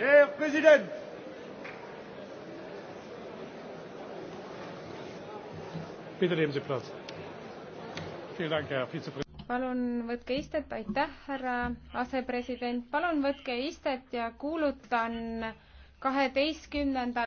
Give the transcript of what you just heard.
Herr Präsident! Bitte nehmen Sie Platz. Vielen Dank, Herr Vizepräsident. palun võtke istet, aitäh, härra asepresident, palun võtke istet ja kuulutan kaheteistkümnendal